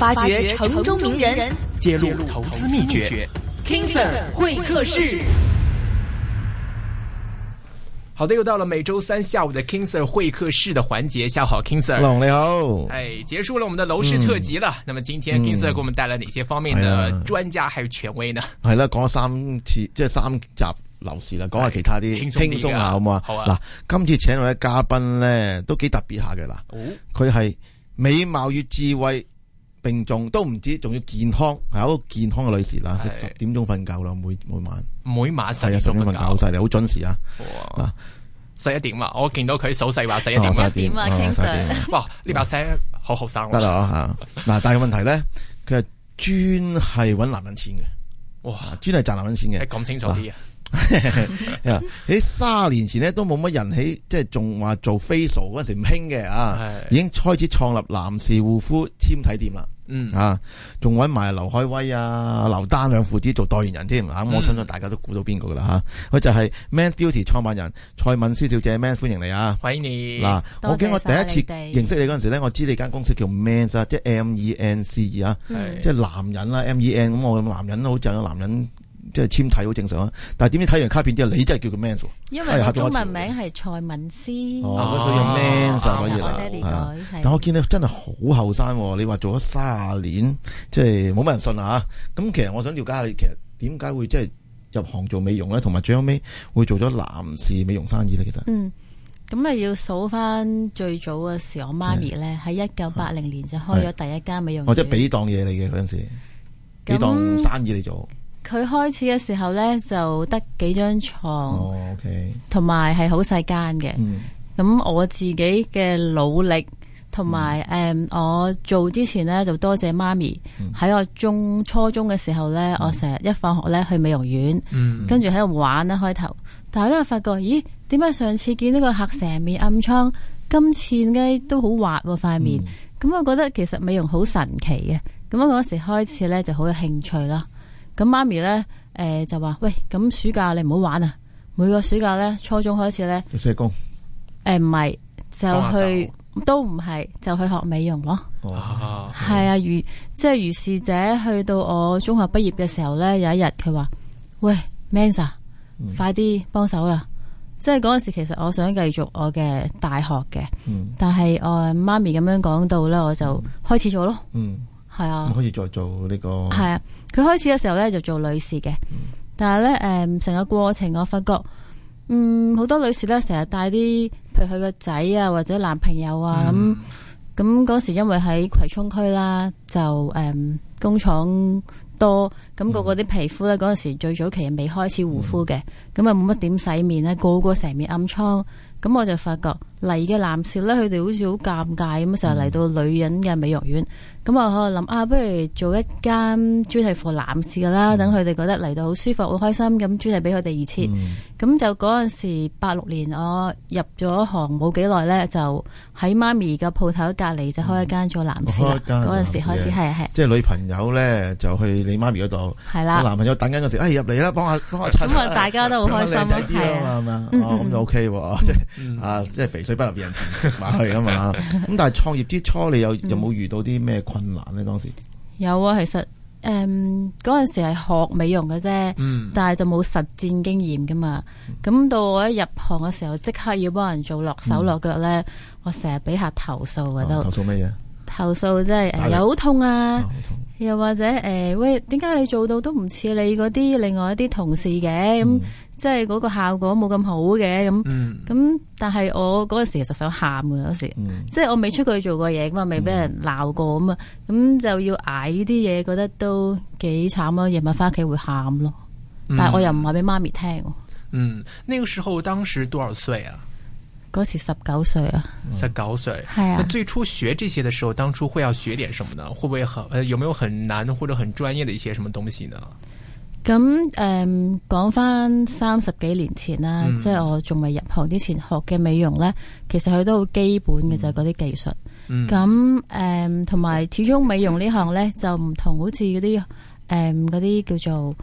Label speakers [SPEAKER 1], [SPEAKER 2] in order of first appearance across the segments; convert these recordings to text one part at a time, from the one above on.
[SPEAKER 1] 發掘城中名人，揭露投資秘訣。King Sir 會客室。好的，又到了每周三下午的 King Sir 會客室的環節。下午好，King Sir。龍你好。哎，結束了我們的樓市特輯了。嗯、那麼今天、嗯、King Sir 給我們帶來哪些方面的專家還有權威呢？
[SPEAKER 2] 係啦、啊啊，講咗三次即係三集樓市啦，講下其他啲輕鬆下好嘛？啊好啊。嗱、啊，今次請來嘅嘉賓咧都幾特別下嘅啦。哦，佢係美貌與智慧。並重都唔止仲要健康，係一個健康嘅女士啦。十點鐘瞓覺啦，每每晚，
[SPEAKER 1] 每晚十點瞓覺好
[SPEAKER 2] 細，好準時啊！
[SPEAKER 1] 十一點啊，我見到佢數細話十一點啊。哇，呢把聲好好生。得啦
[SPEAKER 2] 吓，嗱，但係問題咧，佢係專係搵男人錢嘅，
[SPEAKER 1] 哇，
[SPEAKER 2] 專係賺男人錢嘅。你講清楚啲啊！喺卅年前咧都冇乜人喺，即係仲話做 facial 嗰陣時唔興嘅啊，已經開始創立男士護膚纖體店啦。嗯啊，仲搵埋劉愷威啊、劉丹兩父子做代言人添。咁、啊嗯、我相信大家都估到邊個噶啦吓，佢、啊啊啊嗯、就係 Mence Beauty 創辦人蔡敏思小，小姐。Man 歡迎你啊，維尼。嗱，我記我第一次認識你嗰陣時咧，我知你間公司叫 Mence 啊、嗯，即係 M E N C E 啊，即係男人啦 M E N。咁我男人咧，好似有男人。即係簽睇好正常啊！但係點知睇完卡片之後，你真係叫佢 man 喎，因為中文
[SPEAKER 3] 名係蔡敏思。哦，
[SPEAKER 2] 所以 man 晒所以，但我見你真係好後生，你話做咗卅年，即係冇乜人信啊！咁其實我想了解下，你其實點解會即係入行做美容咧？同埋最後尾會做咗男士美容生意咧？其實，嗯，
[SPEAKER 3] 咁啊要數翻最早嘅時候，我媽咪咧喺一九八零年就開咗第一間美容，哦，即係俾
[SPEAKER 2] 檔嘢你嘅嗰陣時，俾檔生意嚟做。
[SPEAKER 3] 佢開始嘅時候呢，就得幾張床同埋係好細間嘅。咁、嗯、我自己嘅努力，同埋誒我做之前呢，就多謝媽咪喺、嗯、我中初中嘅時候呢，嗯、我成日一放學呢去美容院，嗯嗯、跟住喺度玩咧開頭。但係咧，我發覺咦點解上次見呢個客成面暗瘡，今次呢都好滑塊、啊、面。咁、嗯嗯、我覺得其實美容好神奇嘅，咁我嗰時開始呢，就好有興趣啦。咁媽咪呢，誒就話喂，咁暑假你唔好玩啊！每個暑假呢，初中開始呢，做社工。誒唔係，就去幫忙，都唔係，就去學美容咯。
[SPEAKER 2] 哇、哦！係
[SPEAKER 3] 啊，如即係如是者，去到我中學畢業嘅時候呢，有一日佢話喂、嗯、Man Sze 快啲幫手啦！即係嗰陣時，其實我想繼續我嘅大學嘅，嗯、但係我媽咪咁樣講到呢，我就開始做咯。嗯。
[SPEAKER 2] 係啊，可
[SPEAKER 3] 以再做呢個係啊。佢開始嘅時候咧，就做女士嘅，嗯、但係咧誒，成個過程我發覺，嗯，好多女士咧成日帶啲，譬如佢個仔啊或者男朋友啊咁，咁嗰時，因為喺葵涌區啦，就誒、嗯、工廠多，咁、那個個啲皮膚咧嗰陣時最早期未開始護膚嘅，咁啊冇乜點洗面咧，個個成面暗瘡。咁我就發覺嚟嘅男士咧，佢哋好似好尷尬咁，成日嚟到女人嘅美容院。咁啊，我諗啊，不如做一間專係服務男士噶啦，等佢哋覺得嚟到好舒服、好開心。咁專係俾佢哋二次。咁就嗰陣時八六年，我入咗行冇幾耐咧，就喺媽咪嘅鋪頭隔籬就開一間做男士。嗰陣時開始係係。
[SPEAKER 2] 即係女朋友咧，就去你媽咪嗰度。係啦。男朋友等緊嗰時，哎，入嚟啦，幫下幫下。咁啊，大家都好開心。咁咁就 OK 喎。啊，即係肥水不流人田去啊嘛。咁但係創業之初，你有有冇遇到啲咩困難咧？當時
[SPEAKER 3] 有啊，其實，誒，嗰陣時係學美容嘅啫，但係就冇實戰經驗噶嘛。咁到我一入行嘅時候，即刻要幫人做落手落腳咧，我成日俾下投訴嘅。都投訴咩嘢？投訴即係誒，有好痛啊！又或者誒，喂，點解你做到都唔似你嗰啲另外一啲同事嘅咁？即係嗰個效果冇咁好嘅咁，咁、嗯嗯嗯、但係我嗰陣時其實想喊嘅有時，嗯、即係我未出過去做過嘢嘛，未俾、嗯、人鬧過咁啊，咁、嗯嗯、就要挨呢啲嘢，覺得都幾慘咯。夜晚翻屋企會喊咯，但係我又唔話俾媽咪聽。嗯，
[SPEAKER 1] 呢、那個時候當時多少歲啊？
[SPEAKER 3] 嗰時十九歲啊，
[SPEAKER 1] 十九歲係啊。嗯、最初學這些嘅時候，當初會要學點什麼呢？會唔會很、呃、有沒有很難或者很專業的一些什麼東西呢？
[SPEAKER 3] 咁誒，講翻三十幾年前啦，即係、嗯、我仲未入行之前學嘅美容呢，其實佢都好基本嘅，嗯、就係嗰啲技術。咁誒、嗯，同埋、嗯、始終美容呢行呢，就唔同好似嗰啲誒啲叫做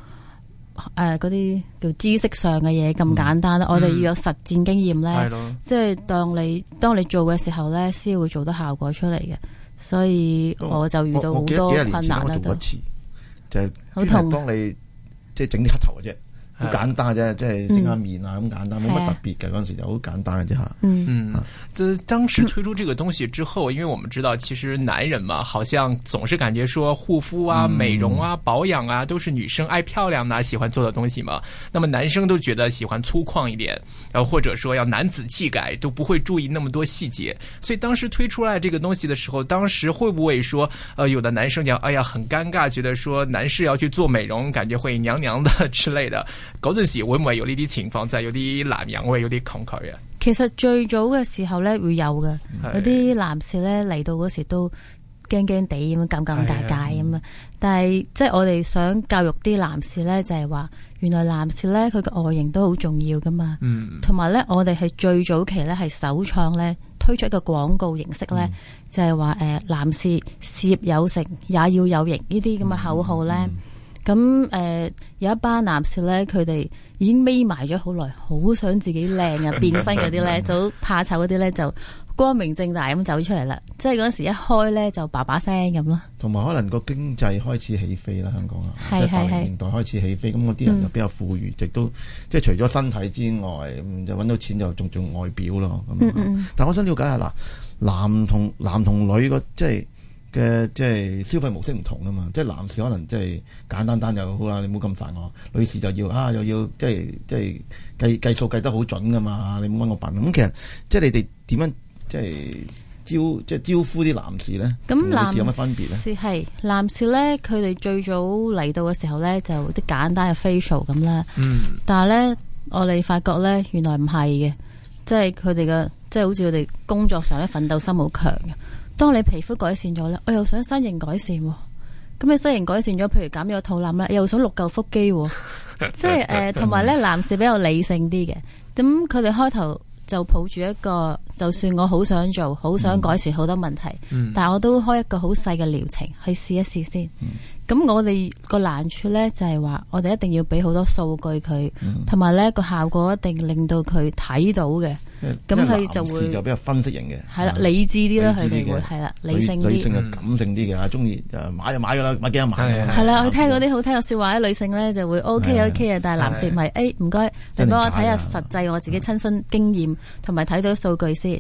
[SPEAKER 3] 誒啲、啊、叫知識上嘅嘢咁簡單啦。嗯、我哋要有實戰經驗呢，即係、嗯嗯、當你當你做嘅時候呢，先會做得效果出嚟嘅。所以我就遇到好多困難啦。就
[SPEAKER 2] 係好同當你同。即係整黑頭嘅啫。好 簡單啫，即、就、係、是、整下面啊，咁、嗯、簡單，冇乜特別嘅嗰陣時就好簡單嘅啫吓。嗯，
[SPEAKER 1] 即係當時推出這個東西之後，因為我們知道其實男人嘛，好像總是感覺說護膚啊、美容啊、保養啊，都是女生愛漂亮啊喜歡做的東西嘛。那麼男生都覺得喜歡粗獷一點，然後或者說要男子氣概，都不會注意那麼多細節。所以當時推出來這個東西的時候，當時會不會說，呃，有的男生講，哎呀，很尷尬，覺得說男士要去做美容，感覺會娘娘的之類的。嗰陣時會唔會有呢啲情況，就係、是、有啲男人會有啲抗拒啊？
[SPEAKER 3] 其實最早嘅時候咧，會有嘅，是有啲男士咧嚟到嗰時都驚驚地咁樣尷尷尬尬咁啊！但係是、嗯、即係我哋想教育啲男士咧，就係話原來男士咧佢嘅外形都好重要噶嘛。嗯，同埋咧，我哋係最早期咧係首創咧推出一個廣告形式咧，嗯、就係話誒，男士事業有成也要有型呢啲咁嘅口號咧。嗯嗯咁誒、嗯呃、有一班男士咧，佢哋已經眯埋咗好耐，好想自己靚啊變身嗰啲咧， 就怕醜嗰啲咧，就光明正大咁走出嚟啦。即係嗰時一開咧，就爸爸聲咁咯。
[SPEAKER 2] 同埋可能個經濟開始起飛啦，香港啊，是是是即係八零年代開始起飛，咁我啲人就比較富裕，嗯、直都即係除咗身體之外，就揾到錢就仲重外表咯。嗯，嗯但我想了解下嗱，男同男同女個即係。嘅即係消費模式唔同啊嘛，即係男士可能即係簡單單就好啊，你唔好咁煩我；女士就要啊，又要即係即係計計數計得好準噶嘛，你冇揾我辦。咁其實即係你哋點樣即係招即係招呼啲男士咧？咁男士有乜分別咧？
[SPEAKER 3] 係男士咧，佢哋最早嚟到嘅時候咧，就啲簡單嘅 facial 咁啦。嗯。但係咧，我哋發覺咧，原來唔係嘅，即係佢哋嘅，即係好似佢哋工作上咧，奮鬥心好強嘅。當你皮膚改善咗咧，我又想身形改善，咁你身形改善咗，譬如減咗肚腩啦，又想六嚿腹肌， 即係誒，同埋咧，男士比較理性啲嘅，咁佢哋開頭就抱住一個，就算我好想做，好想改善好多問題，嗯、但係我都開一個好細嘅療程去試一試先。嗯咁我哋個難處咧，就係話我哋一定要俾好多數據佢，同埋咧個效果一定令到佢睇到嘅。
[SPEAKER 2] 咁佢就會就比較分析型嘅，係啦，理
[SPEAKER 3] 智啲啦，佢哋會係啦，理性啲。女性
[SPEAKER 2] 感性啲嘅，中意誒買就買噶啦，買幾多買。係啦，
[SPEAKER 3] 去聽嗰啲好聽嘅說話咧，女性咧就會 O K O K 啊。但係男士咪，係，誒唔該，你幫我睇下實際我自己親身經驗，同埋睇到數據先。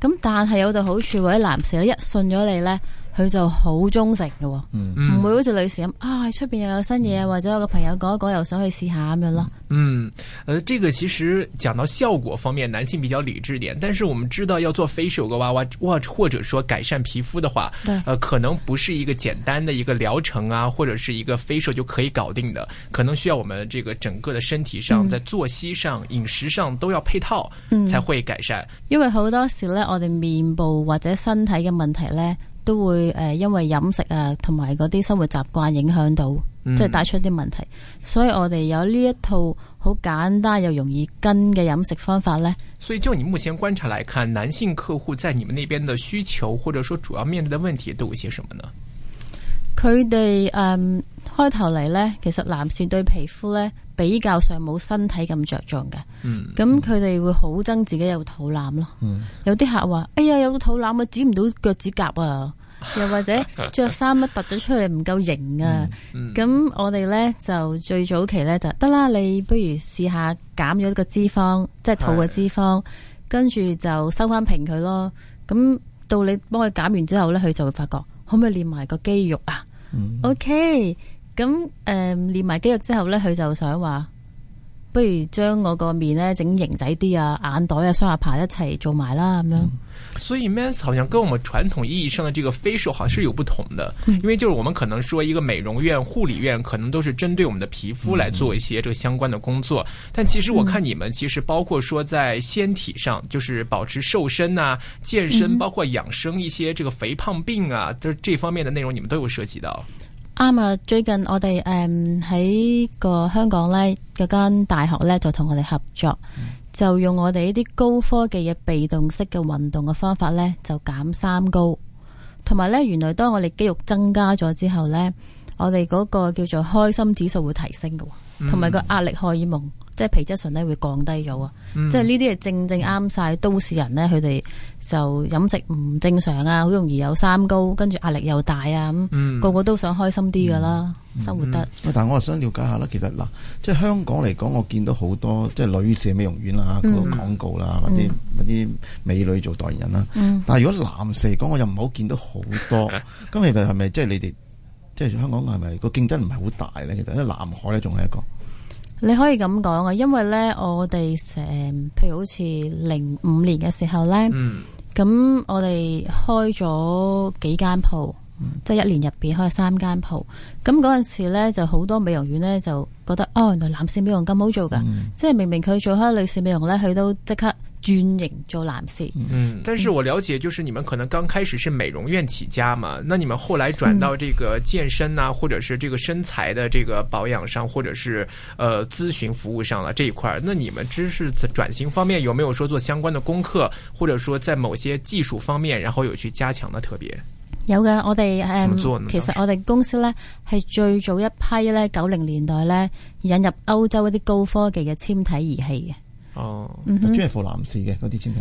[SPEAKER 3] 咁但係有道好處，或者男士一信咗你咧。佢就好忠誠嘅，哦，唔會好似女士咁啊，出邊又有新嘢，嗯，或者有個朋友講一講，又想去試下咁樣咯。嗯，
[SPEAKER 1] 誒、呃，這個其實講到效果方面，男性比較理智點。但是我們知道，要做 facial 嘅話，或者說改善皮膚的話，誒對、呃，可能不是一個簡單的一個療程啊，或者是一個 facial 就可以搞定的，可能需要我們這個整個的身體上，在作息上，飲、嗯、食上都要配套，才會改善。嗯
[SPEAKER 3] 嗯，因為好多時呢，我哋面部或者身體嘅問題呢。都會誒，因為飲食啊，同埋嗰啲生活習慣影響到，
[SPEAKER 1] 即係帶出
[SPEAKER 3] 啲問題。嗯。所以我哋有呢一套好簡單又容易跟嘅飲食方法呢。
[SPEAKER 1] 所以就你目前觀察嚟看，男性客戶在你們那邊的需求，或者說主要面對的問題，都有些什麼呢？
[SPEAKER 3] 佢哋誒開頭嚟呢，其實男士對皮膚呢比較上冇身體咁着重嘅。嗯。咁佢哋會好憎自己有肚腩咯。嗯。有啲客話：「哎呀，有肚腩啊，剪唔到腳趾甲啊！ 又或者着衫乜凸咗出嚟唔夠型啊！咁、嗯嗯、我哋呢，就最早期呢就得啦，你不如試下減咗個脂肪，即係肚嘅脂肪，跟住是的 就收翻平佢咯。咁到你幫佢減完之後呢，佢就會發覺可唔可以練埋個肌肉啊、嗯、？OK，咁誒練埋肌肉之後呢，佢就想話。不如將我個面呢，整型仔啲啊，眼袋啊、雙下巴一齊做埋啦咁樣，嗯。
[SPEAKER 1] 所以，mence 好像跟我們傳統意義上的這個 facial 好像是有不同的。嗯、因為就是我們可能說一個美容院、護理院，可能都是針對我們的皮膚來做一些這個相關的工作。嗯、但其實我看你們，其實包括說在纖體上，就是保持瘦身啊、健身，包括養生一些這個肥胖病啊，都、嗯、這方面的內容，你們都有涉及到。
[SPEAKER 3] 啱啊！最近我哋誒喺個香港呢，有間大學呢，就同我哋合作，就用我哋呢啲高科技嘅被動式嘅運動嘅方法呢，就減三高。同埋呢，原來當我哋肌肉增加咗之後呢，我哋嗰個叫做開心指數會提升嘅，同埋個壓力荷爾蒙。即係皮質醇咧會降低咗啊！嗯、即係呢啲係正正啱晒、嗯、都市人咧，佢哋就飲食唔正常啊，好容易有三高，跟住壓力又大啊，咁、嗯、個個都想開心啲噶啦，嗯、
[SPEAKER 2] 生活得。嗯嗯嗯嗯、但係我啊想了解下啦，其實嗱，即係香港嚟講，我見到好多即係女士美容院啊，嗰、嗰個廣告啦，或者嗰啲美女做代言人啦。嗯嗯、但係如果男士嚟講，我又唔好見到好多。咁、啊啊、其實係咪 即係你哋即係香港係咪個競爭唔係好大咧？其實因為南海咧仲係一個。
[SPEAKER 3] 你可以咁講啊，因為呢，我哋誒，譬如好似零五年嘅時候呢，咁、嗯、我哋開咗幾間鋪，嗯、即係一年入邊開三間鋪。咁嗰陣時呢，就好多美容院呢，就覺得哦，原來男士美容咁好做㗎，嗯、即係明明佢做開女士美容呢，佢都即刻。專營做男士，嗯，
[SPEAKER 1] 但是我了解，就是你們可能剛開始是美容院起家嘛，那你們後來轉到這個健身啊，或者是這個身材的這個保養上，或者是呃諮詢服務上了這一塊，那你們知識轉型方面有沒有說做相關的功課，或者說在某些技術方面，然後有去加強的特別？
[SPEAKER 3] 有嘅，我哋誒，呃、其實我哋公司呢，係最早一批呢，九零年代呢，引入歐洲一啲高科技嘅纖體儀器嘅。
[SPEAKER 2] 哦，專意服男士嘅嗰啲儀器，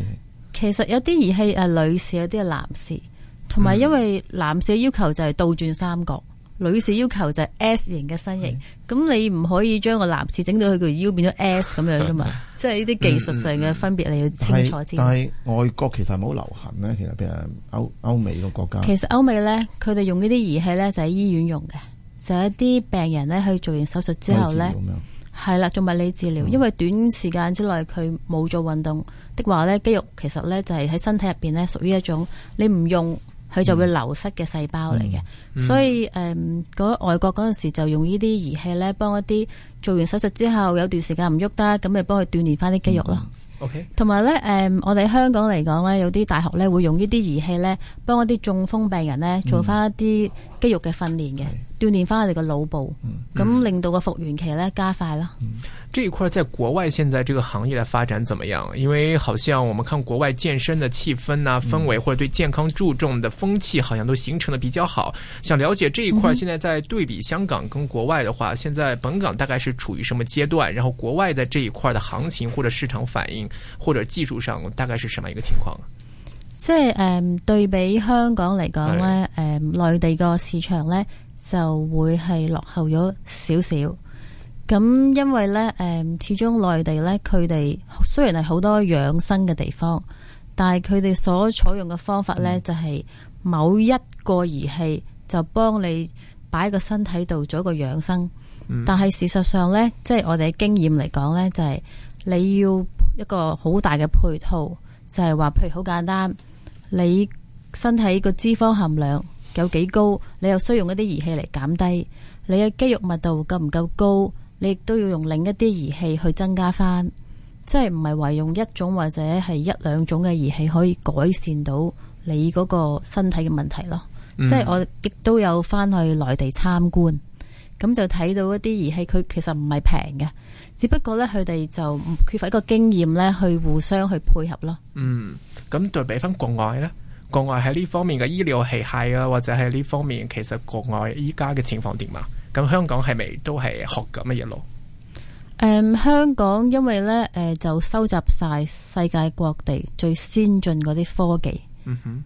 [SPEAKER 3] 其實有啲儀器誒，女士有啲係男士，同埋因為男士要求就係倒轉三角，女士要求就係 S 型嘅身形，咁是 ideally, 你唔可以將個男士整到佢條腰變咗 S 咁樣噶嘛？即係呢啲技術上嘅分別你要清楚、 嗯嗯嗯、先。但係
[SPEAKER 2] 外國其實係好流行咧？其實譬如歐歐美嘅國家，其實
[SPEAKER 3] 歐美咧，佢哋用儀呢啲儀器咧，就喺、是、醫院用嘅，就係、是、一啲病人咧去做完手術之後咧。係啦，做物理治療，因為短時間之內佢冇做運動的話呢，肌肉其實呢就係喺身體入邊呢屬於一種你唔用佢就會流失嘅細胞嚟嘅。嗯嗯、所以誒，嗰、呃、外國嗰陣時就用呢啲儀器呢幫一啲做完手術之後有段時間唔喐得，咁咪幫佢鍛鍊翻啲肌肉咯、嗯。OK。同埋呢，誒、呃，我哋香港嚟講呢，有啲大學呢會用呢啲儀器呢幫一啲中風病人呢做翻一啲肌肉嘅訓練嘅。嗯嗯鍛鍊翻我哋個腦部，咁令到個復原期呢加快啦。嗯嗯
[SPEAKER 1] 嗯、這一塊在國外現在這個行業的發展怎麼樣？因為好像我們看國外健身的氣氛啊、氛圍或者對健康注重的風氣，好像都形成得比較好。想了解這一塊，現在在對比香港跟國外的話，嗯、現在本港大概是處於什麼階段？然後國外在這一塊的行情或者市場反應或者技術上大概是什麼一個情況？嗯、
[SPEAKER 3] 即係誒，um, 對比香港嚟講呢，誒、嗯嗯，內地個市場呢。就會係落後咗少少，咁因為呢，誒、嗯，始終內地呢，佢哋雖然係好多養生嘅地方，但係佢哋所採用嘅方法呢，嗯、就係某一個儀器就幫你擺個身體度做一個養生，嗯、但係事實上呢，即、就、係、是、我哋嘅經驗嚟講呢，就係、是、你要一個好大嘅配套，就係話，譬如好簡單，你身體個脂肪含量。有幾高，你又需要用一啲儀器嚟減低。你嘅肌肉密度夠唔夠高，你亦都要用另一啲儀器去增加翻。即係唔係話用一種或者係一兩種嘅儀器可以改善到你嗰個身體嘅問題咯。嗯，即係我亦都有翻去內地參觀，咁就睇到一啲儀器，佢其實唔係平嘅，只不過呢，佢哋就缺乏一個經驗呢，去互相去配合咯。嗯，
[SPEAKER 1] 咁對比翻國外呢。國外喺呢方面嘅醫療器械啊，或者係呢方面，其實國外依家嘅情況點啊？咁香港係咪都係學緊乜嘢？咯？
[SPEAKER 3] 誒、嗯，香港因為呢，誒、呃、就收集晒世界各地最先進嗰啲科技，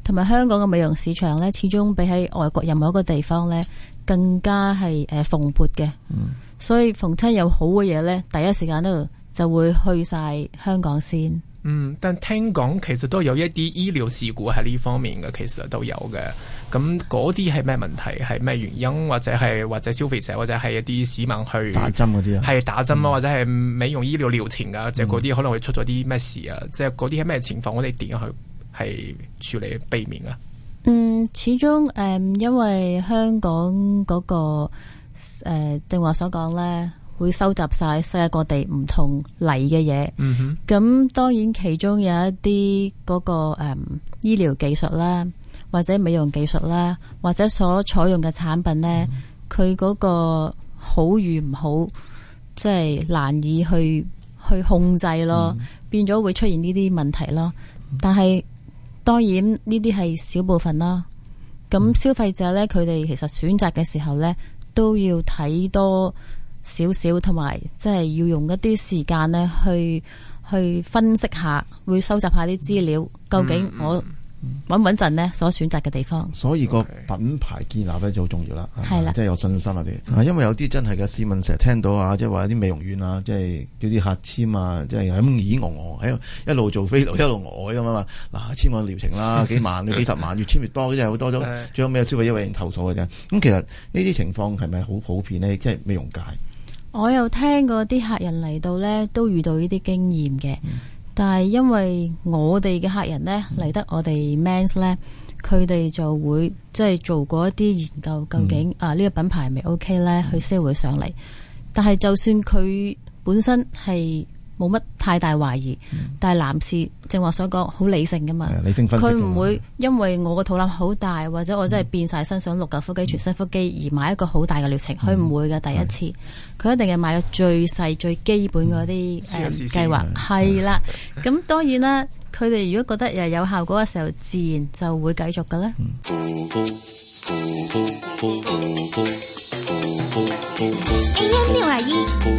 [SPEAKER 3] 同埋、嗯、哼香港嘅美容市場呢，始終比喺外國任何一個地方呢，更加係誒、呃、蓬勃嘅，嗯、所以逢親有好嘅嘢呢，第一時間呢就就會去晒香港先。
[SPEAKER 1] 嗯，但聽講其實都有一啲醫療事故喺呢方面嘅，其實都有嘅。咁嗰啲係咩問題？係咩原因？或者係或者消費者，或者係一啲市民去打針嗰啲啊？係打針啊，嗯、或者係美容醫療療程啊，即係嗰啲可能會出咗啲咩事啊？即係嗰啲係咩情況？我哋點樣去係處理避免啊？
[SPEAKER 3] 嗯，始終誒、嗯，因為香港嗰、個誒、嗯、正話所講咧。會收集晒世界各地唔同嚟嘅嘢，咁、嗯、哼當然其中有一啲嗰、那個誒、嗯、醫療技術啦，或者美容技術啦，或者所採用嘅產品呢，佢嗰、嗯、哼個好與唔好，即、就、係、是、難以去去控制咯，嗯、哼變咗會出現呢啲問題咯。但係當然呢啲係少部分啦。咁消費者呢，佢哋其實選擇嘅時候呢，都要睇多。少少，同埋即係要用一啲時間咧，去去分析下，會收集下啲資料，究竟我穩唔穩陣咧？所選擇嘅地方，嗯、
[SPEAKER 2] 所以個品牌建立咧就好重要啦，係啦 Okay.，即、就、係、是、有信心啊啲，嗯、因為有啲真係嘅市民成日聽到啊，即係話啲美容院、就是、啊，即係叫啲客簽啊，即係喺咁耳餓餓，喺度、呃、一路做飛，一路餓咁啊嘛，嗱、啊，簽個療程啦，幾萬、幾十萬， 越簽越多，即係好多咗，最後尾有消費意外人投訴嘅啫。咁其實呢啲情況係咪好普遍呢？即係美容界。
[SPEAKER 3] 我又聽過啲客人嚟到呢，都遇到呢啲經驗嘅，嗯、但係因為我哋嘅客人呢、嗯，嚟得我哋 Mence 咧，佢哋就會即係、就是、做過一啲研究，究竟、嗯、啊呢、這個品牌係咪 OK 呢？嗯、去 sell 佢上嚟。但係就算佢本身係，冇乜太大懷疑，但係男士正話想講好理性噶嘛，佢唔會因為我個肚腩好大，或者我真係變晒身，想六嚿腹肌、全身腹肌而買一個好大嘅療程，佢唔會嘅。第一次佢一定係買個最細最基本嗰啲誒計劃，係啦。咁當然啦，佢哋如果覺得又有效果嘅時候，自然就會繼續嘅啦。
[SPEAKER 1] AM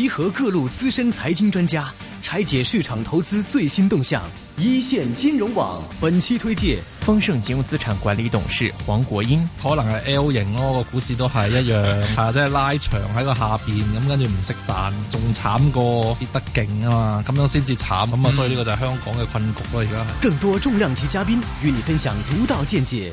[SPEAKER 1] 集合各路資深財經專家，拆解市場投資最新動向。一線金融網本期推介：豐盛金融資產管理董事黃國英。可能係 L 型咯、哦，這個股市都係一樣，係 即係拉長喺個下邊咁，跟住唔識彈，仲慘過跌得勁啊嘛，咁樣先至慘咁啊！嗯、所以呢個就係香港嘅困局咯。而家係更多重量級嘉賓與你分享獨到見解。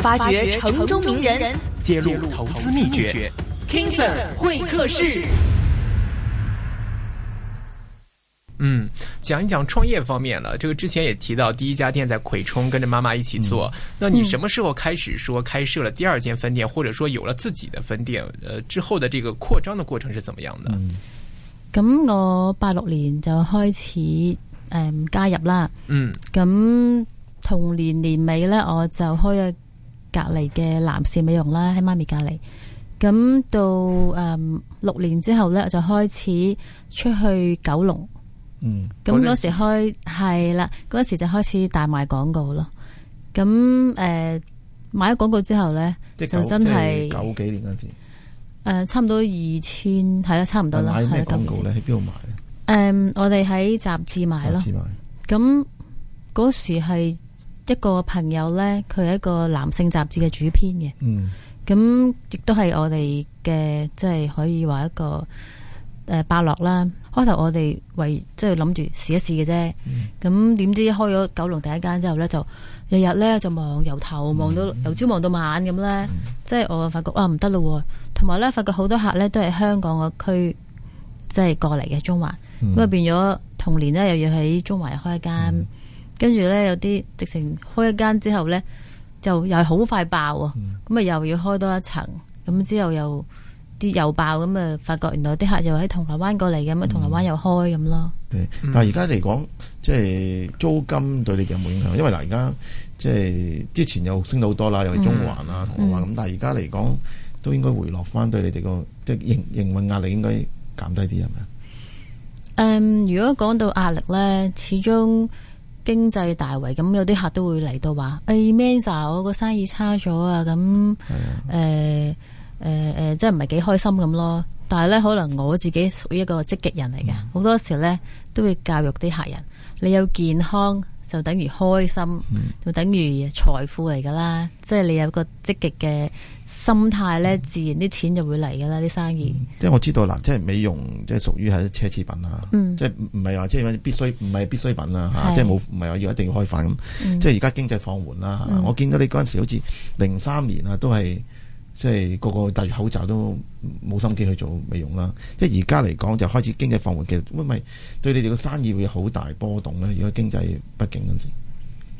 [SPEAKER 1] 發掘城中名人，揭露投資秘訣。King Sir 會客室。嗯，講一講創業方面啦。這個之前也提到，第一家店在葵涌，跟着媽媽一起做。嗯、那你什麼時候開始說開設了第二間分店，嗯、或者說有了自己的分店？呃，之後的這個擴張的過程是怎麼樣的？
[SPEAKER 3] 嗯嗯、我八六年就開始、呃、加入啦。嗯。咁同年年，年尾咧，我就開咗。隔籬嘅男士美容啦，喺媽咪隔籬。咁到誒、嗯、六年之後咧，就開始出去九龍。
[SPEAKER 1] 嗯，咁嗰時，時
[SPEAKER 3] 開係啦，嗰時就開始大賣廣告咯。咁誒、呃、買咗廣告之後咧，就真係九、即係、九
[SPEAKER 2] 幾年嗰
[SPEAKER 3] 陣時，誒差唔多二千係啦，差唔多啦。多買咩廣告
[SPEAKER 2] 咧？喺邊
[SPEAKER 3] 度買咧？誒、嗯，我哋喺雜誌買咯。雜誌買。
[SPEAKER 2] 咁
[SPEAKER 3] 嗰時係。一個朋友呢，佢係一個男性雜誌嘅主編嘅，咁、嗯、亦都係我哋嘅，即係可以話一個誒伯樂啦。開頭我哋為即係諗住試一試嘅啫，咁點知開咗九龍第一間之後天天呢，就日日呢，就望由頭望到由朝望到晚咁呢。嗯、即係我發覺哇唔得咯，同埋、啊、呢，發覺好多客呢都係香港個區即係過嚟嘅中環，咁啊、嗯、變咗同年呢又要喺中環開一間。嗯跟住呢，有啲直情開一間之後呢，就又係好快爆啊！咁啊、嗯，又要開多一層，咁之後又啲又爆，咁啊，發覺原來啲客又喺銅鑼灣過嚟嘅，咁啊，銅鑼灣又開咁咯。嗯、
[SPEAKER 2] 但係而家嚟講，即係租金對你哋有冇影響？因為嗱，而家即係之前又升到好多啦，又係中環啦、銅鑼灣咁。但係而家嚟講，都應該回落翻，對你哋個、嗯、即係營營運壓力應該減低啲，係咪？嗯，
[SPEAKER 3] 如果講到壓力呢，始終。經濟大圍咁，有啲客都會嚟到話：哎 Mence 我個生意差咗啊！咁，誒的，誒、呃，誒、呃，即係唔係幾開心咁咯。但係咧，可能我自己屬於一個積極人嚟嘅，好、嗯、多時咧都會教育啲客人，你有健康。就等於開心，就等於財富嚟噶啦。嗯、即係你有個積極嘅心態咧，自然啲錢就會嚟噶啦。啲生意、嗯、
[SPEAKER 2] 即係我知道啦，即係美容，即係屬於係奢侈品啊。即係唔係話即係必須，唔係必需品啦，吓。即係冇唔係話要一定要開飯咁。嗯、即係而家經濟放緩啦，啊嗯、我見到你嗰陣時好似零三年啊，都係。即係個個戴住口罩都冇心機去做美容啦！即係而家嚟講就開始經濟放緩嘅。其實唔係對你哋個生意會有好大波動咧？如果經濟不景嗰陣時，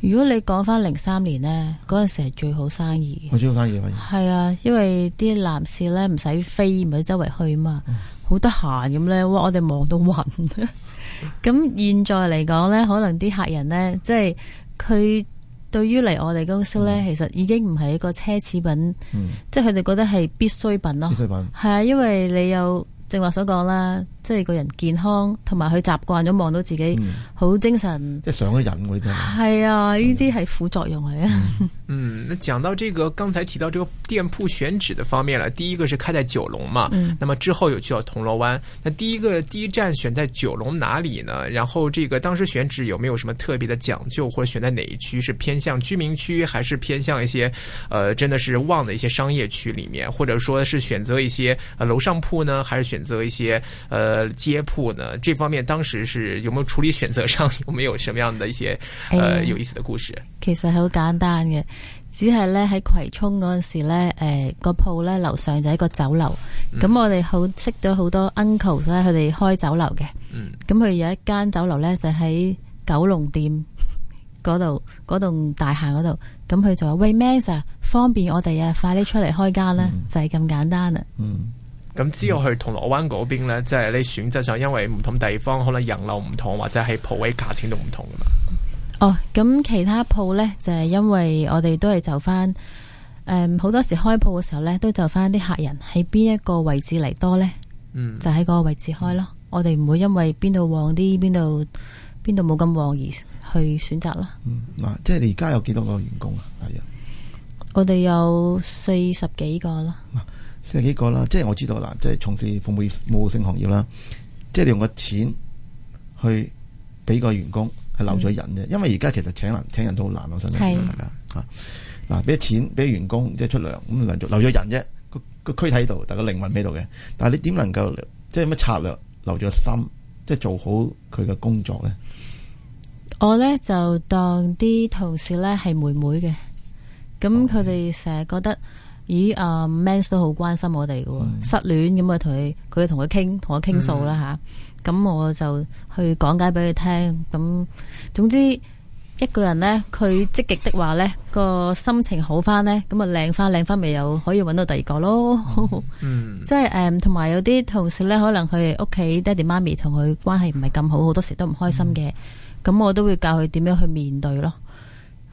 [SPEAKER 3] 如果你講翻零三年咧，嗰陣時係最好生意。
[SPEAKER 2] 我最好生意係
[SPEAKER 3] 啊，因為啲男士咧唔使飛唔使周圍去嘛，嗯、好得閒咁咧，哇，我我哋忙到暈。咁 現在嚟講咧，可能啲客人咧，即係佢。對於嚟我哋公司呢，其實已經唔係一個奢侈品，嗯、即係佢哋覺得係必需品咯。必需品。係啊，因為你有，正話所講啦。即係個人健康，同埋佢習慣咗望到自己好、嗯、精神，
[SPEAKER 1] 即係上咗癮喎！呢啲
[SPEAKER 3] 係啊，呢啲係副作用嚟啊。嗯， 嗯，
[SPEAKER 1] 那講到這個剛才提到這個店鋪選址的方面了，第一個是開在九龍嘛，嗯，那麼之後有去到銅鑼灣。那第一個第一站選在九龍哪裡呢？然後這個當時選址有沒有什麼特別的講究，或者選在哪一區是偏向居民區，還是偏向一些，呃，真的是旺的一些商業區裡面，或者說是選擇一些，呃，樓上鋪呢，還是選擇一些，呃？呃，街鋪呢？這方面當時是有沒有處理選擇上有沒有什麼樣的一些呃有意思的故事？
[SPEAKER 3] 其實好簡單嘅，只係咧喺葵涌嗰陣時咧，誒個鋪咧樓上就係個酒樓，咁、嗯、我哋好識到好多 uncle 咧，佢哋開酒樓嘅，咁佢、嗯、有一間酒樓咧就喺九龍店嗰度嗰棟大廈嗰度，咁佢就話喂 m 咩事 a 方便我哋啊，快啲出嚟開間啦、啊，嗯、就係咁簡單啦。嗯。
[SPEAKER 1] 咁之後去銅鑼灣嗰邊呢，即係你選擇上，因為唔同地方可能人流唔同，或者係鋪位價錢都唔同噶嘛。
[SPEAKER 3] 哦，咁其他鋪呢，就係因為我哋都係就翻，誒，嗯，好多時開鋪嘅時候呢，都就翻啲客人喺邊一個位置嚟多呢，嗯，就喺嗰個位置開咯。嗯，我哋唔會因為邊度旺啲，邊度邊度冇咁旺而去選擇咯。嗯，
[SPEAKER 2] 嗱，即係你而家有幾多個員工啊？係啊。
[SPEAKER 3] 我哋有四十幾個啦、啊，
[SPEAKER 2] 四十幾個啦，即係我知道嗱，即、就、係、是、從事服務，業務務性行業啦，即係你用個錢去俾個員工，係、嗯、留咗人啫。因為而家其實請人請人都好難，我相信大家吓，嗱俾、啊、錢俾員工即係出糧咁、嗯、留留咗人啫，個個軀體喺度，但個靈魂喺度嘅。但係你點能夠即係有乜策略留咗心，即係做好佢嘅工作咧？
[SPEAKER 3] 我咧就當啲同事咧係妹妹嘅。咁佢哋成日覺得，咦？阿、嗯、Man、嗯、都好關心我哋嘅，嗯、失戀咁、嗯、啊，同佢佢同佢傾，同我傾訴啦吓。咁我就去講解俾佢聽。咁、嗯、總之，一個人呢，佢積極的話呢，個心情好翻呢，咁啊靚翻靚翻，咪又可以揾到第二個咯。嗯嗯、 即係誒、同、嗯、埋有啲同事呢，可能佢屋企爹哋媽咪同佢關係唔係咁好，好多時都唔開心嘅。咁我都會教佢點樣去面對咯。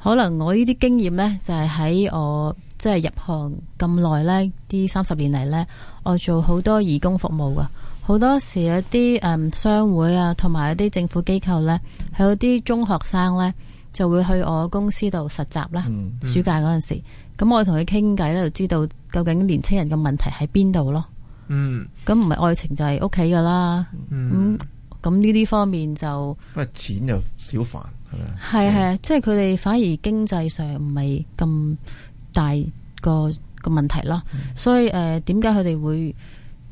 [SPEAKER 3] 可能我呢啲經驗呢，就係喺我即係入行咁耐呢啲三十年嚟呢，我做好多義工服務㗎。好多時一啲誒商會啊，同埋一啲政府機構咧，有啲中學生呢，就會去我公司度實習啦。暑假嗰陣時。咁我同佢傾偈呢，就知道究竟年青人嘅問題喺邊度咯。嗯，咁唔係愛情就係屋企㗎啦。嗯。嗯咁呢啲方面就，
[SPEAKER 2] 咁啊錢又少煩，
[SPEAKER 3] 係咪？係啊，係啊嗯、即係佢哋反而經濟上唔係咁大個個問題咯。嗯、所以誒，點解佢哋會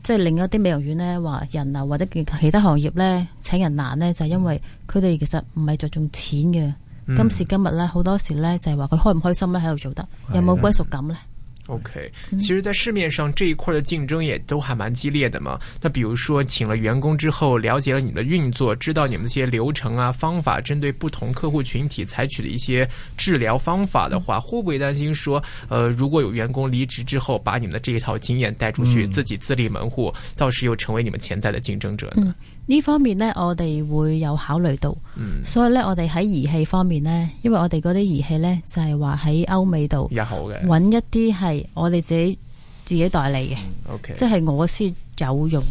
[SPEAKER 3] 即係另一啲美容院呢話人流或者其他行業呢請人難呢？就係、是、因為佢哋其實唔係着重錢嘅。嗯、今時今日呢，好多時呢就係話佢開唔開心呢，喺度做得、嗯、有冇歸屬感呢？嗯
[SPEAKER 1] OK，其實，在市面上這一塊的競爭也都還蠻激烈的嘛。那比如說，請了員工之後，了解了你們的運作，知道你們的一些流程啊、方法，針對不同客戶群體採取的一些治療方法的話，嗯、會不會擔心說，呃，如果有員工離職之後，把你們的這一套經驗帶出去，嗯、自己自立門戶，到時又成為你們潛在的競爭者呢？
[SPEAKER 3] 呢、嗯、方面呢，我哋會有考慮到。嗯，所以呢，我哋喺儀器方面呢，因為我哋嗰啲儀器呢，就係話喺歐美度，
[SPEAKER 1] 也好嘅，揾
[SPEAKER 3] 一啲係。我哋自己自己代理嘅。Okay. 即係我先有用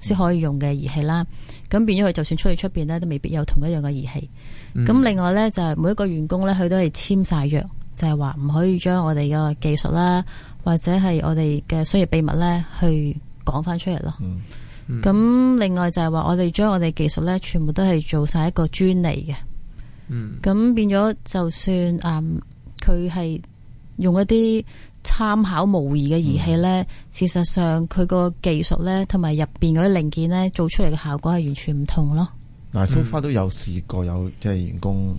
[SPEAKER 3] 先可以用嘅儀器啦。咁、嗯、變咗佢，就算出去出邊咧，都未必有同一樣嘅儀器。咁、嗯、另外呢，就係、是、每一個員工呢，佢都係簽晒約，就係話唔可以將我哋嘅技術啦，或者係我哋嘅商業秘密呢，去講翻出嚟咯。咁、嗯嗯、另外就係話，我哋將我哋技術呢，全部都係做晒一個專利嘅。咁、嗯、變咗，就算誒，佢、嗯、係用一啲。參考模擬嘅儀器呢，嗯、事實上佢個技術呢，同埋入邊嗰啲零件呢，做出嚟嘅效果係完全唔同咯。
[SPEAKER 2] 嗱、嗯，小花都有試過有即係員工，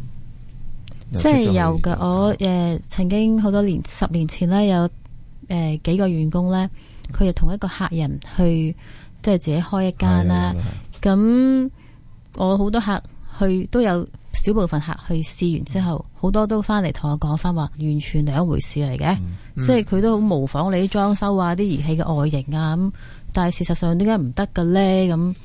[SPEAKER 2] 即係有
[SPEAKER 3] 噶。我誒、yeah, 曾經好多年十年前咧，有、呃、誒幾個員工呢，佢就同一個客人去即係自己開一間啦。咁我好多客去都有。少部分客去試完之後，好、嗯、多都翻嚟同我講翻話，完全兩回事嚟嘅，嗯、即係佢都好模仿你啲裝修啊、啲儀器嘅外形啊咁，但係事實上點解唔得嘅呢？咁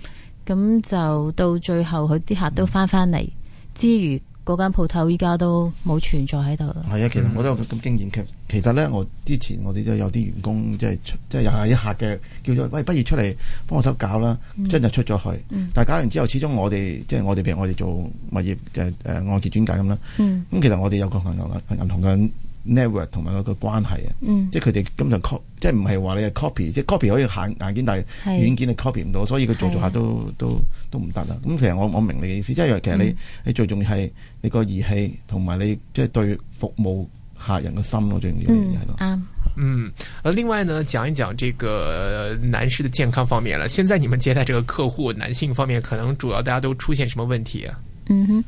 [SPEAKER 3] 咁就到最後，佢啲客都翻翻嚟之餘。嗰間鋪頭依家都冇存在喺度。
[SPEAKER 2] 係啊，其實我都有咁經驗，其其實咧，我之前我哋都有啲員工，即係即係廿一客嘅，叫咗：「喂，不如出嚟幫我手搞啦，將、嗯、就出咗去。但係搞完之後，始終我哋即係我哋譬如我哋做物業誒誒按揭轉介咁啦。咁、呃嗯、其實我哋有個銀銀銀行嘅。network 同埋佢個關係啊，嗯、即係佢哋根本就 copy，即係唔係話你係 copy，即係 copy 可以硬件，但係軟件係 copy 唔到，是所以佢做做下都是、啊、都都唔得啦。咁其實我我明你嘅意思，因為其實你、嗯、你最重要係你個儀器同埋你即係對服務客人嘅心咯，最重要。嗯，啊，嗯，
[SPEAKER 1] 呃，另外呢，講一講這個男士嘅健康方面啦。現在你們接待這個客戶，男性方面可能主要大家都出現什麼問題啊？嗯哼，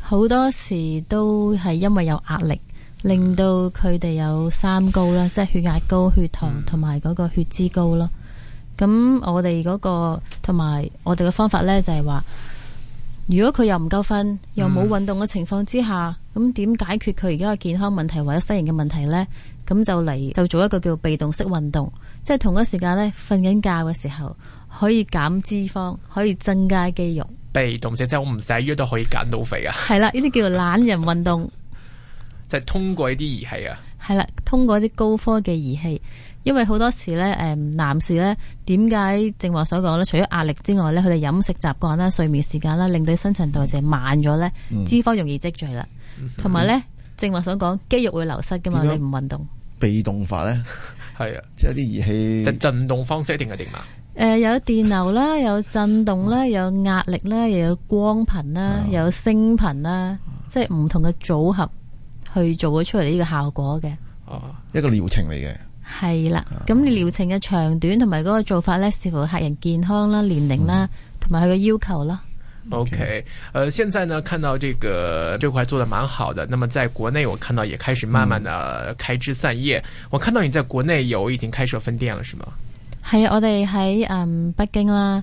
[SPEAKER 3] 好多時都係因為有壓力。令到佢哋有三高啦，即係血壓高、血糖同埋嗰個血脂高咯。咁我哋嗰、那個同埋我哋嘅方法咧，就係、是、話，如果佢又唔夠瞓，又冇運動嘅情況之下，咁點、嗯、解決佢而家嘅健康問題或者身形嘅問題咧？咁就嚟就做一個叫被動式運動，即係同一時間咧瞓緊覺嘅時候，可以減脂肪，可以增加肌肉。
[SPEAKER 1] 被動性即係我唔使喐都可以減到肥啊！係
[SPEAKER 3] 啦，呢啲叫懶人運動。
[SPEAKER 1] 就通過、啊、通過一啲儀器啊，
[SPEAKER 3] 係啦，通過啲高科技儀器，因為好多時咧，誒、呃，男士咧點解正話所講咧？除咗壓力之外咧，佢哋飲食習慣啦、睡眠時間啦，令到新陳代謝慢咗咧，嗯、脂肪容易積聚啦，
[SPEAKER 1] 同埋咧，
[SPEAKER 3] 正話所講，肌肉會流失噶嘛，你唔運動
[SPEAKER 1] 被動化咧，係 啊，即係啲儀器即係震動方式一定係電嘛？
[SPEAKER 3] 誒、 呃，有電流啦，有震動啦，有壓力啦，又有光頻啦，又有聲頻啦，即係唔同嘅組合。去做咗出嚟呢個效果嘅，
[SPEAKER 1] 哦，一個療程嚟嘅，
[SPEAKER 3] 係啦。咁你療程嘅長短同埋嗰個做法咧，視乎客人健康啦、年齡啦，同埋佢嘅要求啦。
[SPEAKER 1] OK，誒，現在呢，看到這個這塊做得蠻好嘅。那麼在國內，我看到也開始慢慢地開枝散葉。嗯、我看到你在國內有已經開設分店了，是嗎？
[SPEAKER 3] 係啊，我哋喺嗯北京啦。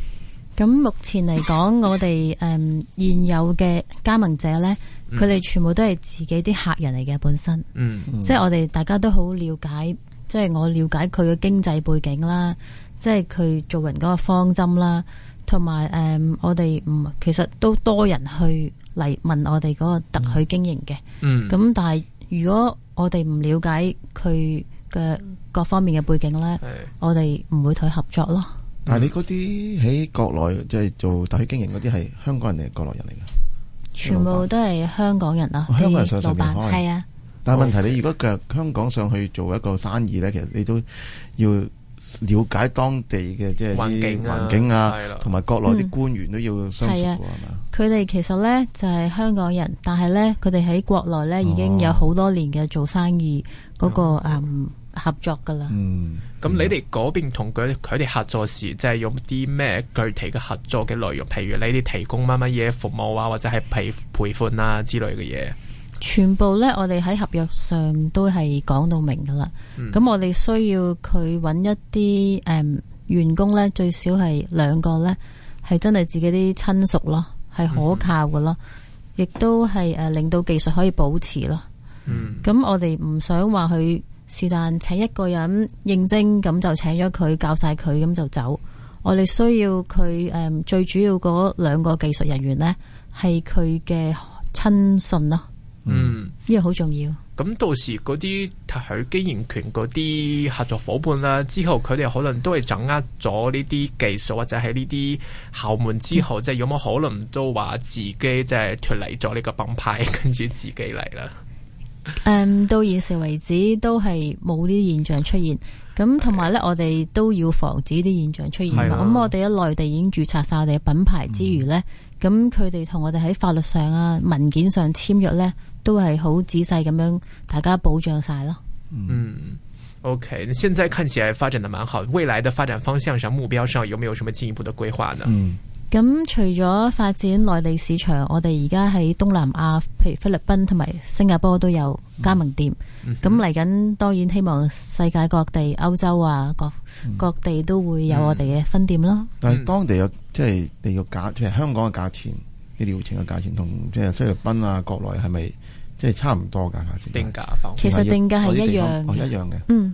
[SPEAKER 3] 咁目前嚟講， 我哋誒現有嘅加盟者呢，佢哋，嗯、全部都係自己啲客人嚟嘅本身，嗯嗯，即係我哋大家都好了解，即係我了解佢嘅經濟背景啦，即係佢做人嗰個方針啦，同埋誒我哋唔其實都多人去嚟問我哋嗰個特許經營嘅。咁，嗯、但係如果我哋唔了解佢嘅各方面嘅背景呢，嗯、我哋唔會同佢合作咯。
[SPEAKER 2] 但係你嗰啲喺國內即係做代理經營嗰啲係香港人定係國內人嚟噶？全部
[SPEAKER 3] 都係香港人啦、哦，香港人上上邊係闆開啊。
[SPEAKER 2] 但係問題、哦 okay. 你如果喺香港上去做一個生意咧，其實你都要了解當地嘅即係環境啊，同埋、啊、了國內啲官員都要相處。係、嗯、啊，
[SPEAKER 3] 佢哋吧其實咧就係、是、香港人，但係咧佢哋喺國內咧已經有好多年嘅做生意嗰個、哦、嗯。合作噶啦，
[SPEAKER 1] 咁、嗯、你哋嗰邊同佢佢哋合作時，即、就、係、是、用啲咩具體嘅合作嘅內容？譬如你哋提供乜乜嘢服務啊，或者係賠賠款啊之類嘅嘢。
[SPEAKER 3] 全部呢，我哋喺合約上都係講到明噶啦。咁、嗯、我哋需要佢揾一啲誒、呃、員工呢，最少係兩個呢，係真係自己啲親屬咯，係可靠嘅咯，嗯、亦都係誒、呃、令到技術可以保持咯。咁、嗯、我哋唔想話佢。是但，請一個人應徵，咁就請咗佢教晒佢，咁就走。我哋需要佢誒，最主要嗰兩個技術人員呢，係佢嘅親信咯。嗯，呢個好重要。
[SPEAKER 1] 咁、嗯、到時嗰啲特許經營權嗰啲合作夥伴啦，之後佢哋可能都係掌握咗呢啲技術，或者喺呢啲後門之後，即係、嗯、有冇可能都話自己即係脫離咗呢個品牌，跟住自己嚟啦。
[SPEAKER 3] 嗯，um, 到現時為止都係冇呢啲現象出現，咁同埋呢，我哋都要防止啲現象出現咁 我哋喺內地已經注冊晒我哋嘅品牌之餘呢，咁佢哋同我哋喺法律上啊、文件上簽約呢，都係好仔細咁樣，大家保障晒咯。
[SPEAKER 1] 嗯，OK，現在看起來發展得蠻好，未來的發展方向上、目標上，有沒有什麼進一步的規劃呢？嗯。
[SPEAKER 3] 咁除咗發展內地市場，我哋而家喺東南亞，譬如菲律賓同埋新加坡都有加盟店。咁嚟緊當然希望世界各地、歐洲啊、各各地都會有我哋嘅分店咯。嗯嗯、
[SPEAKER 2] 但係當地嘅即係你嘅價，即係香港嘅價錢，啲療程嘅價錢同即係菲律賓啊、國內係咪即係差唔多價錢，價錢？定價其實定價係一樣，哦哦、一樣嘅，嗯。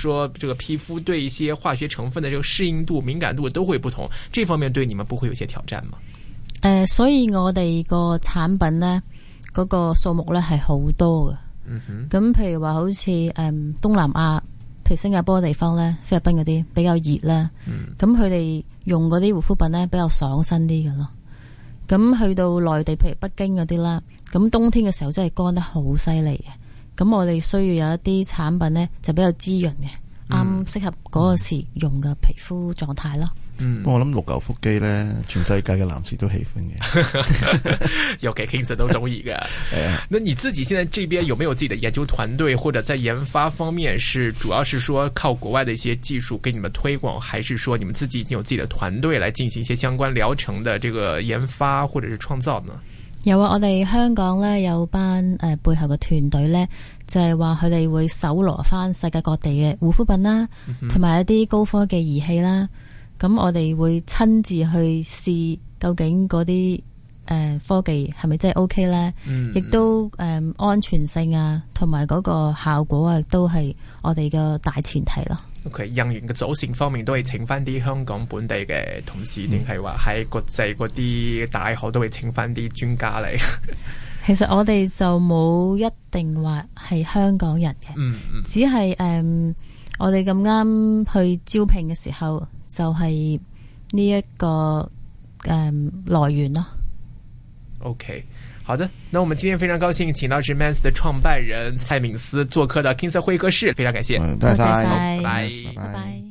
[SPEAKER 1] 說這個皮膚對一些化學成分的這個適應度、敏感度都會不同，這方面對你們不會有些挑戰嗎？
[SPEAKER 3] 誒、呃，所以我哋個產品呢，嗰、那個數目呢係好多嘅。咁、嗯、哼譬如話好似誒東南亞，譬如新加坡地方呢，菲律賓嗰啲比較熱咧，咁佢哋用嗰啲護膚品呢比較爽身啲嘅咯。咁去到內地，譬如北京嗰啲啦，咁冬天嘅時候真係乾得好犀利嘅。咁我哋需要有一啲產品呢，就比較滋潤嘅，啱適合嗰個時用嘅皮膚狀態咯。嗯，
[SPEAKER 2] 我諗六嚿腹肌呢，全世界嘅男士都喜歡嘅，
[SPEAKER 1] 尤其其 i 都中意嘅。誒，那你自己現在這邊有沒有自己嘅研究團隊，或者在研發方面是主要是說靠國外嘅一些技術給你們推廣，還是說你們自己已有自己嘅團隊來進行一些相關療程嘅這個研發或者是創造呢？
[SPEAKER 3] 有啊，又我哋香港咧有班誒、呃、背後嘅團隊咧，就係話佢哋會搜羅翻世界各地嘅護膚品啦，同埋、嗯、哼一啲高科技儀器啦。咁我哋會親自去試，究竟嗰啲誒科技係咪真係 OK 咧？亦、嗯、都誒、呃、安全性啊，同埋嗰個效果啊，都係我哋嘅大前提咯。
[SPEAKER 1] 佢、okay, 人員嘅組成方面都係請翻啲香港本地嘅同事，定係話喺國際嗰啲大學都會請翻啲專家嚟。
[SPEAKER 3] 其實我哋就冇一定話係香港人嘅，嗯，只係誒、um, 我哋咁啱去招聘嘅時候就係呢一個誒、um, 來源咯。
[SPEAKER 1] OK。好的，那我們今天非常高興，請到是 mence 的創辦人蔡敏思做客的 King Sir 會客室，非常感謝，嗯、多謝晒，拜拜。